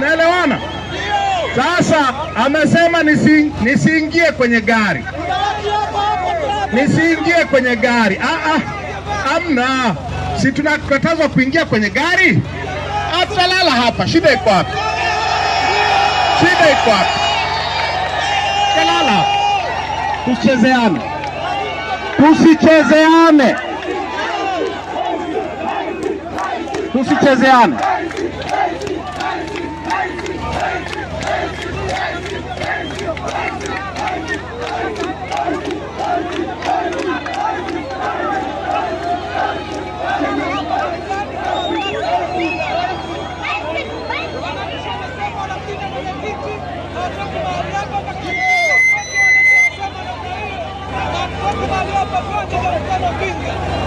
Naelewana? Sasa amesema nisiingie kwenye gari, nisiingie kwenye gari. Ah, ah, amna, si tunakatazwa kuingia kwenye gari? Atalala hapa, shida iko hapa, Shida iko hapa. Talala, tusichezeane, tusichezeane, tusichezeane. w a l i a p a vyote vya mkono pinga